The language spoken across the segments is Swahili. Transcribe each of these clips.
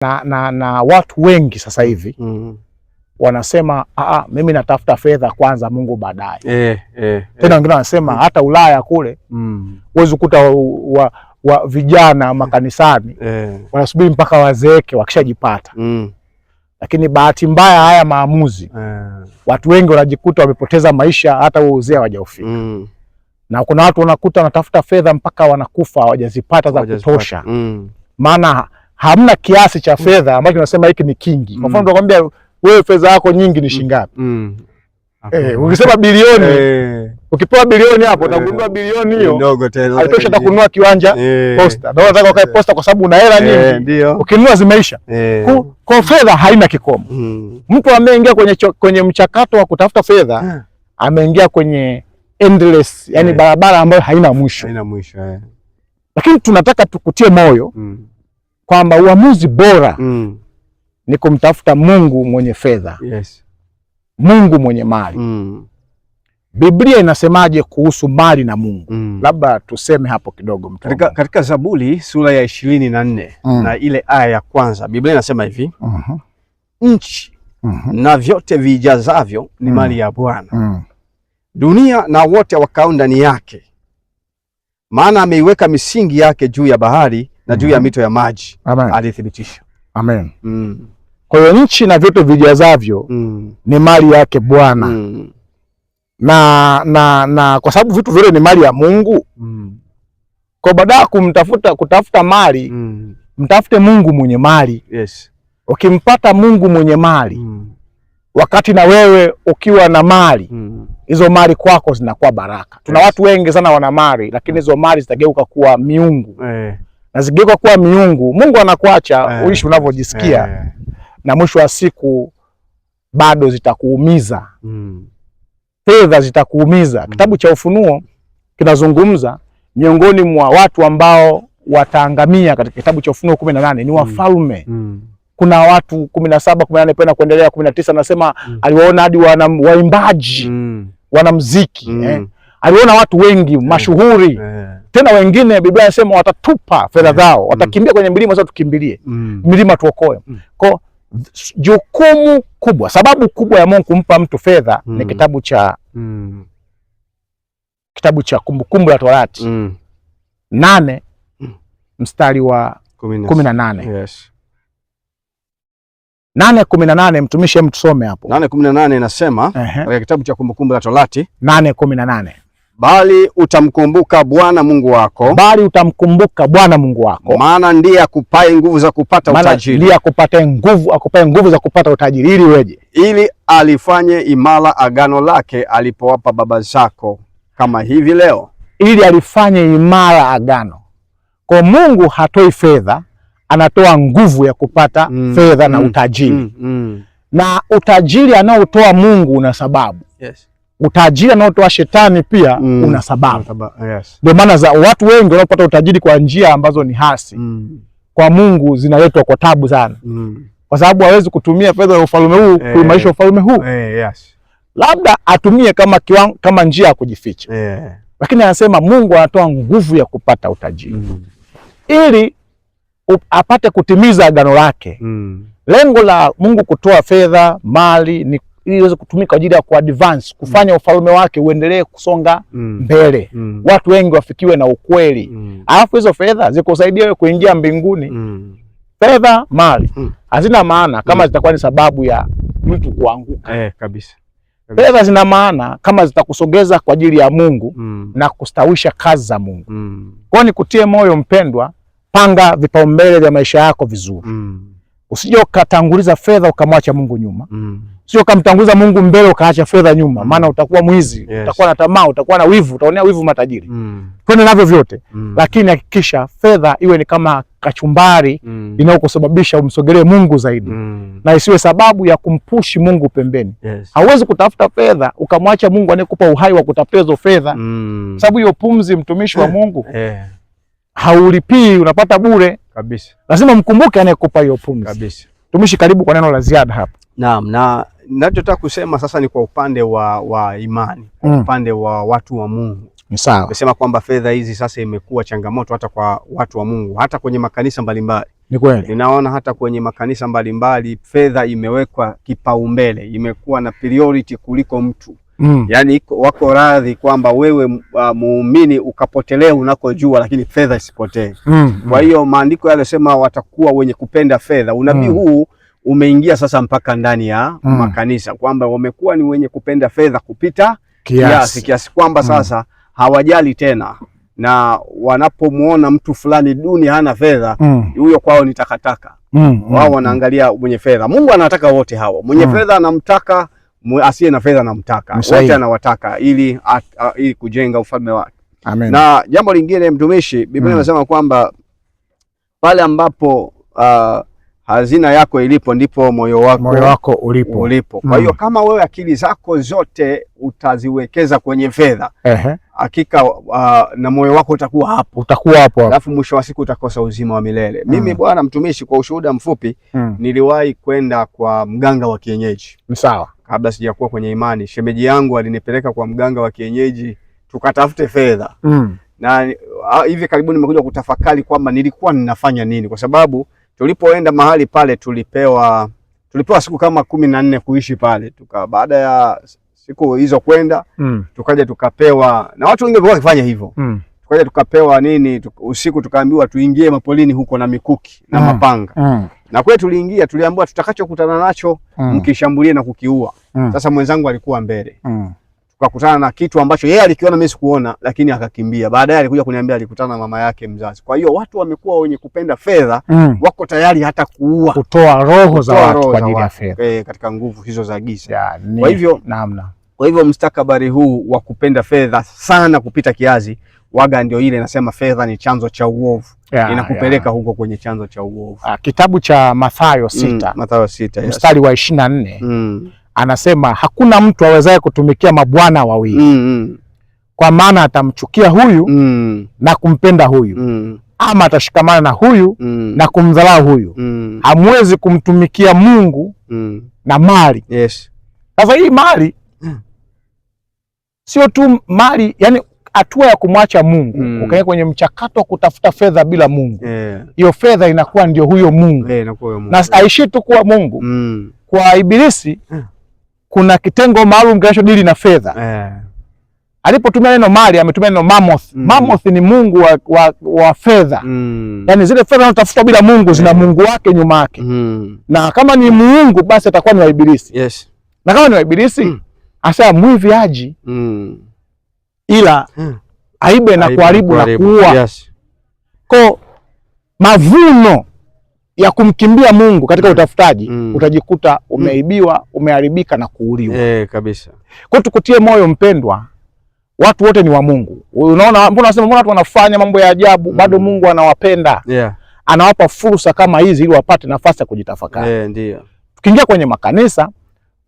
na, na, na watu wengi sasa mm, hivi mm. wanasema aa, ah, ah, mimi natafuta fedha kwanza, Mungu baadaye eh, eh, eh. tena wengine eh. wanasema mm. hata Ulaya kule mm. huwezi mm. kuta wa, wa vijana makanisani eh. wanasubiri mpaka wazeeke wakishajipata mm. Lakini bahati mbaya haya maamuzi eh. watu wengi wanajikuta wamepoteza maisha hata huo uzee hawajaufika mm. na kuna watu wanakuta wanatafuta fedha mpaka wanakufa hawajazipata za kutosha mm. maana mm hamna kiasi cha fedha ambacho unasema hiki ni kingi. Kwa mfano tunakwambia mm. wewe fedha yako nyingi ni shilingi ngapi? Mm. Eh, ukisema bilioni eh, ukipewa bilioni hapo utagundua eh, bilioni hiyo ndogo tena. Haitosha takunua kiwanja eh, posta. Ndio unataka ukae eh. posta kwa sababu una hela eh, nyingi. Ndio. Ukinunua zimeisha. Eh. Kwa fedha haina kikomo. Mm. Mtu ameingia kwenye cho, kwenye mchakato wa kutafuta fedha ah, ameingia kwenye endless, yani eh, barabara ambayo haina mwisho. Haina mwisho eh. Lakini tunataka tukutie moyo. Mm kwamba uamuzi bora mm. ni kumtafuta Mungu mwenye fedha yes. Mungu mwenye mali mm. Biblia inasemaje kuhusu mali na Mungu mm. labda tuseme hapo kidogo katika, katika Zaburi sura ya ishirini na nne mm. na ile aya ya kwanza Biblia inasema hivi mm -hmm. nchi mm -hmm. na vyote vijazavyo ni mm. mali ya Bwana mm. dunia na wote wakao ndani yake, maana ameiweka misingi yake juu ya bahari na juu ya mito ya maji alithibitisha. Amen. Mm. Kwa hiyo nchi na vyote vijazavyo mm. ni mali yake Bwana mm. na, na, na kwa sababu vitu vyote ni mali ya Mungu mm. kwa baada ya kumtafuta kutafuta mali mm. mtafute Mungu mwenye mali yes. Ukimpata Mungu mwenye mali mm. wakati na wewe ukiwa na mali mm. hizo mm. mali kwako zinakuwa baraka. Tuna yes. watu wengi sana wana mali lakini mm. hizo mali zitageuka kuwa miungu eh nazigeuka kuwa miungu. Mungu anakuacha eh, uishi unavyojisikia eh, na mwisho wa siku bado zitakuumiza mm. Fedha zitakuumiza mm. Kitabu cha Ufunuo kinazungumza miongoni mwa watu ambao wataangamia katika kitabu cha Ufunuo kumi na nane ni mm. wafalme mm. Mm. Kuna watu kumi na saba, kumi na nane kuendelea kumi na tisa anasema mm. aliwaona hadi waimbaji mm. wanamziki mm. eh. aliwaona watu wengi eh. mashuhuri eh. Tena wengine Biblia inasema watatupa fedha zao, mm. watakimbia kwenye milima, sasa tukimbilie mm. milima tuokoe. Mm. Kwa jukumu kubwa, sababu kubwa ya Mungu kumpa mtu fedha ni kitabu cha kitabu cha Kumbukumbu la Torati nane mstari wa kumi na nane nane kumi na nane mtumishi, mtusome hapo. Nane kumi na nane inasema katika kitabu cha Kumbukumbu la Torati nane kumi na nane Bali utamkumbuka Bwana Mungu wako, bali utamkumbuka Bwana Mungu wako, maana ndiye akupae nguvu za kupata utajiri, ndiye akupaye nguvu, akupae nguvu za kupata utajiri, ili weje, ili alifanye imara agano lake alipowapa baba zako, kama hivi leo, ili alifanye imara agano. Kwa Mungu hatoi fedha, anatoa nguvu ya kupata mm, fedha mm, na utajiri mm, mm. na utajiri anaotoa Mungu una sababu yes utajiri anaotoa shetani pia mm. una sababu ndio yes. maana za watu wengi wanaopata utajiri kwa njia ambazo ni hasi mm. kwa Mungu zinaletwa kwa tabu sana mm. kwa sababu hawezi kutumia fedha ya ufalme huu eh, kuimarisha ufalme huu eh, yes. labda atumie kama, kiwang, kama njia ya kujificha eh. Lakini anasema Mungu anatoa nguvu ya kupata utajiri mm. ili apate kutimiza agano lake mm. Lengo la Mungu kutoa fedha mali ni ili iweze kutumika kwa ajili ya kuadvance kufanya mm. ufalme wake uendelee kusonga mm. mbele mm. watu wengi wafikiwe na ukweli mm. alafu hizo fedha zikusaidia wewe kuingia mbinguni mm. fedha mali mm. hazina maana kama mm. zitakuwa ni sababu ya mtu kuanguka eh, kabisa fedha zina maana kama zitakusogeza kwa ajili ya Mungu mm. na kustawisha kazi za Mungu mm. kwao. Nikutie moyo mpendwa, panga vipaumbele vya maisha yako vizuri mm. usije ukatanguliza fedha ukamwacha Mungu nyuma mm sio kamtanguza Mungu mbele ukaacha fedha nyuma, mm. maana utakuwa mwizi yes. Utakuwa na tamaa, utakuwa na wivu, utaonea wivu matajiri mm. Twende navyo vyote mm. Lakini hakikisha fedha iwe ni kama kachumbari mm. inayokusababisha umsogelee Mungu zaidi mm. na isiwe sababu ya kumpushi Mungu pembeni yes. Hauwezi kutafuta fedha ukamwacha Mungu anayekupa uhai wa kutapezo fedha mm. Sababu hiyo pumzi, mtumishi wa eh. Mungu yeah. haulipii, unapata bure kabisa. Lazima mkumbuke anayekupa hiyo pumzi kabisa. Tumishi, karibu kwa neno la ziada hapa. Naam, na nachotaka kusema sasa ni kwa upande wa, wa imani kwa mm. upande wa watu wa Mungu sawa. Nimesema kwamba fedha hizi sasa imekuwa changamoto hata kwa watu wa Mungu, hata kwenye makanisa mbalimbali. Ni kweli ninaona hata kwenye makanisa mbalimbali fedha imewekwa kipaumbele, imekuwa na priority kuliko mtu mm. Yaani wako radhi kwamba wewe uh, muumini ukapotelea unakojua, lakini fedha isipotee mm. Kwa mm. hiyo maandiko sema watakuwa wenye kupenda fedha, unabii mm. huu mm umeingia sasa mpaka ndani ya mm. makanisa kwamba wamekuwa ni wenye kupenda fedha kupita kiasi kiasi, kiasi kwamba hmm. sasa mm. hawajali tena na wanapomwona mtu fulani duni hana fedha hmm. huyo mm. kwao ni takataka mm, wao hmm. wanaangalia mwenye fedha. Mungu anataka wote hawa, mwenye mm. fedha anamtaka, asiye na fedha anamtaka, wote anawataka ili, at, a, ili kujenga ufalme wake. Amen. Na jambo lingine mtumishi, Biblia inasema mm. kwamba pale ambapo uh, hazina yako ilipo ndipo moyo wako, moyo wako ulipo, ulipo. Kwa hmm. hiyo mm. kama wewe akili zako zote utaziwekeza kwenye fedha hakika uh, na moyo wako utakuwa hapo, utakuwa hapo, alafu mwisho wa siku utakosa uzima wa milele mm. Mimi hmm. bwana mtumishi, kwa ushuhuda mfupi mm. niliwahi kwenda kwa mganga wa kienyeji sawa, kabla sijakuwa kwenye imani. Shemeji yangu alinipeleka kwa mganga wa kienyeji tukatafute fedha mm. na ah, hivi karibuni nimekuja kutafakari kwamba nilikuwa ninafanya nini kwa sababu tulipoenda mahali pale tulipewa tulipewa siku kama kumi na nne kuishi pale tuka, baada ya siku hizo kwenda mm. tukaja tukapewa na watu wengi walikuwa wakifanya hivyo mm. tukaja tukapewa nini tuka, usiku tukaambiwa tuingie mapolini huko na mikuki na mm. mapanga mm. na kweli tuliingia, tuliambiwa tutakachokutana nacho mm. mkishambulie na kukiua mm. Sasa mwenzangu alikuwa mbele mm tukakutana na kitu ambacho yeye alikiona mimi sikuona, lakini akakimbia. Baadaye alikuja kuniambia alikutana na mama yake mzazi. Kwa hiyo watu wamekuwa wenye kupenda fedha mm. wako tayari hata kuua, kutoa roho za watu kwa ajili ya fedha eh, katika nguvu hizo za giza ya, ni, kwa hivyo namna kwa hivyo mstakabari huu wa kupenda fedha sana kupita kiasi waga, ndio ile inasema fedha ni chanzo cha uovu yeah, inakupeleka yeah, huko kwenye chanzo cha uovu. Ah, kitabu cha Mathayo sita, mm, Mathayo sita mstari yes, wa ishirini na nne mm anasema hakuna mtu awezaye kutumikia mabwana wawili mm, mm. kwa maana atamchukia huyu mm. na kumpenda huyu mm. ama atashikamana na huyu mm. na kumdhalau huyu mm. hamwezi kumtumikia Mungu mm. na mali yes. Sasa hii mali mm. sio tu mali, yani hatua ya kumwacha Mungu mm. ukae kwenye mchakato wa kutafuta fedha bila Mungu hiyo yeah. fedha inakuwa ndio huyo Mungu, yeah, Mungu. na aishii tu kuwa Mungu mm. kwa Ibilisi mm kuna kitengo maalum kinachodili na fedha eh. Alipotumia neno mali ametumia neno mammoth. Mm. Mammoth ni mungu wa, wa, wa fedha mm. Yaani zile fedha zinatafutwa bila mungu zina yeah. mungu wake nyuma yake mm. Na kama ni muungu basi atakuwa ni waibilisi yes. Na kama ni waibilisi mm. asema mwivi aji mm. ila mm. aibe na kuharibu na kuua yes. Ko mavuno ya kumkimbia Mungu katika mm. utafutaji mm. utajikuta mm. umeibiwa, umeharibika na kuuliwa. E, kabisa. Kwa tukutie moyo mpendwa, watu wote ni wa Mungu. Unaona, mbona nasema, mbona watu wanafanya mambo ya ajabu mm. bado Mungu anawapenda yeah. anawapa fursa kama hizi ili wapate nafasi ya kujitafakari. E, ndio. Tukiingia kwenye makanisa,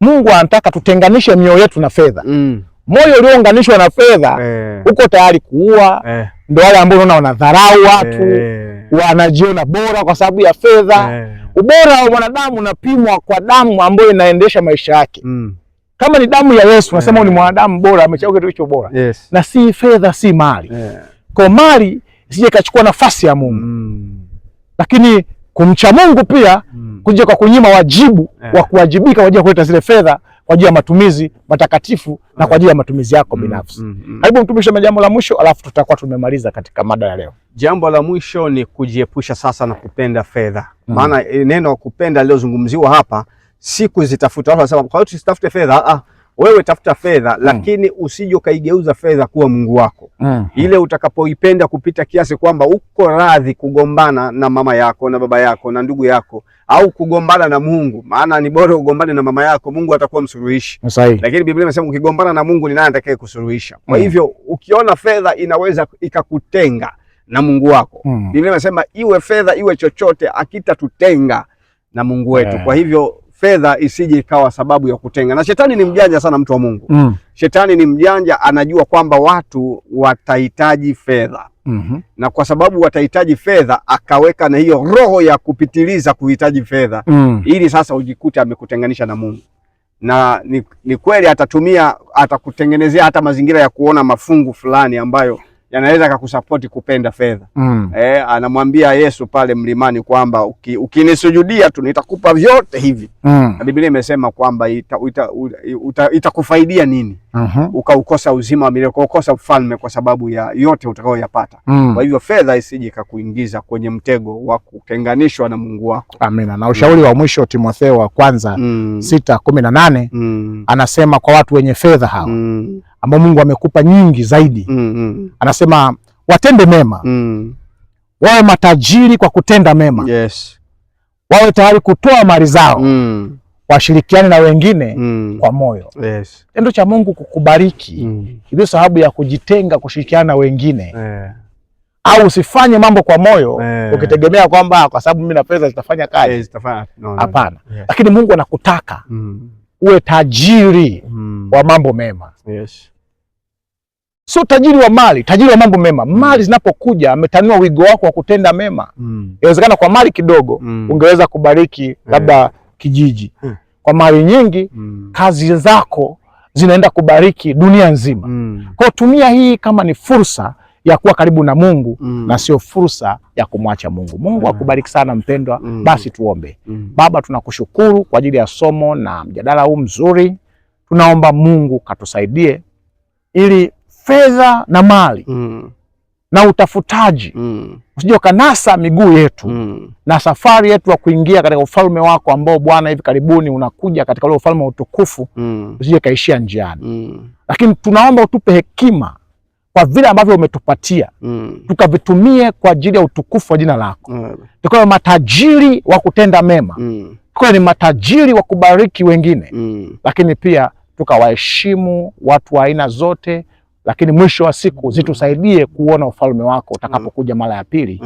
Mungu anataka tutenganishe mioyo yetu na fedha mm. Moyo uliounganishwa na fedha e. uko tayari kuua e. ndio wale ambao unaona wanadharau watu e wanajiona bora kwa sababu ya fedha yeah. Ubora wa mwanadamu unapimwa kwa damu ambayo inaendesha maisha yake mm. Kama ni damu ya Yesu nasema yeah. Ni mwanadamu bora, amechagua kitu bora yes. Na si fedha, si mali yeah. Kwa mali sije kachukua nafasi ya Mungu mm. Lakini kumcha Mungu pia mm. kuja kwa kunyima wajibu yeah. wa kuwajibika kwa kuleta zile fedha kwa ajili ya matumizi matakatifu na kwa ajili ya matumizi yako mm, binafsi. mm, mm, mm. Karibu mtumishi na jambo la mwisho, alafu tutakuwa tumemaliza katika mada ya leo. Jambo la mwisho ni kujiepusha sasa na kupenda fedha, mm. maana mm. neno kupenda lilozungumziwa hapa si kuzitafuta. Watu wanasema kwa hiyo tusitafute fedha. Ah, wewe tafuta fedha mm. lakini usije ukaigeuza fedha kuwa Mungu wako mm. ile utakapoipenda kupita kiasi kwamba uko radhi kugombana na mama yako na baba yako na ndugu yako au kugombana na Mungu. Maana ni bora ugombane na mama yako, Mungu atakuwa msuluhishi. Lakini Biblia inasema ukigombana na Mungu ni nani atakaye kusuluhisha? Kwa mm. hivyo ukiona fedha inaweza ikakutenga na Mungu wako mm. Biblia inasema iwe fedha iwe chochote, akitatutenga na Mungu wetu yeah. kwa hivyo fedha isije ikawa sababu ya kutenga. Na shetani ni mjanja sana, mtu wa Mungu mm. Shetani ni mjanja, anajua kwamba watu watahitaji fedha mm -hmm. na kwa sababu watahitaji fedha, akaweka na hiyo roho ya kupitiliza kuhitaji fedha mm. ili sasa ujikute amekutenganisha na Mungu na ni, ni kweli atatumia, atakutengenezea hata mazingira ya kuona mafungu fulani ambayo yanaweza akakusapoti kupenda fedha mm. Eh, anamwambia Yesu pale mlimani kwamba uki, ukinisujudia tu nitakupa vyote hivi mm. Na Biblia imesema kwamba itakufaidia ita, ita, ita nini uh -huh. ukaukosa uzima wa milele, ukaukosa ufalme kwa sababu ya yote utakayoyapata mm. Kwa hivyo fedha isije kakuingiza kwenye mtego wa kutenganishwa na Mungu wako. Amina. Na ushauri mm. wa mwisho Timotheo wa kwanza mm. sita kumi na nane mm. anasema kwa watu wenye fedha hawa mm. ambao Mungu amekupa nyingi zaidi mm -hmm. anasema watende mema mm. wawe matajiri kwa kutenda mema yes. wawe tayari kutoa mali zao mm washirikiane na wengine mm. kwa moyo. Yes. Tendo cha Mungu kukubariki mm. ndio sababu ya kujitenga kushirikiana na wengine yeah. au usifanye mambo kwa moyo yeah. ukitegemea kwamba kwa sababu mimi na pesa zitafanya kazi eh, zitafanya. Hapana. no, no. Yeah. Lakini Mungu anakutaka mm. uwe tajiri mm. wa mambo mema. Yes. Sio tajiri wa mali, tajiri wa mambo mema. Mm. Mali zinapokuja ametanua wigo wako wa kutenda mema. Inawezekana mm. kwa mali kidogo mm. ungeweza kubariki labda yeah kijiji hmm. Kwa mali nyingi hmm. kazi zako zinaenda kubariki dunia nzima hmm. Kwa tumia hii kama ni fursa ya kuwa karibu na Mungu mm. na sio fursa ya kumwacha Mungu. Mungu hmm. akubariki sana mpendwa mm. Basi tuombe mm. Baba, tunakushukuru kwa ajili ya somo na mjadala huu mzuri. Tunaomba Mungu katusaidie ili fedha na mali mm. na utafutaji mm usije ukanasa miguu yetu mm. na safari yetu ya kuingia katika ufalme wako ambao Bwana hivi karibuni unakuja katika ule ufalme wa utukufu mm. usije kaishia njiani mm. lakini tunaomba utupe hekima kwa vile ambavyo umetupatia mm. tukavitumie kwa ajili ya utukufu wa jina lako mm. tukawe matajiri wa kutenda mema mm. tukawe ni matajiri wa kubariki wengine mm. lakini pia tukawaheshimu watu wa aina zote lakini mwisho wa siku mm-hmm. zitusaidie kuona ufalme wako utakapokuja mm-hmm. mara ya pili. Mm-hmm.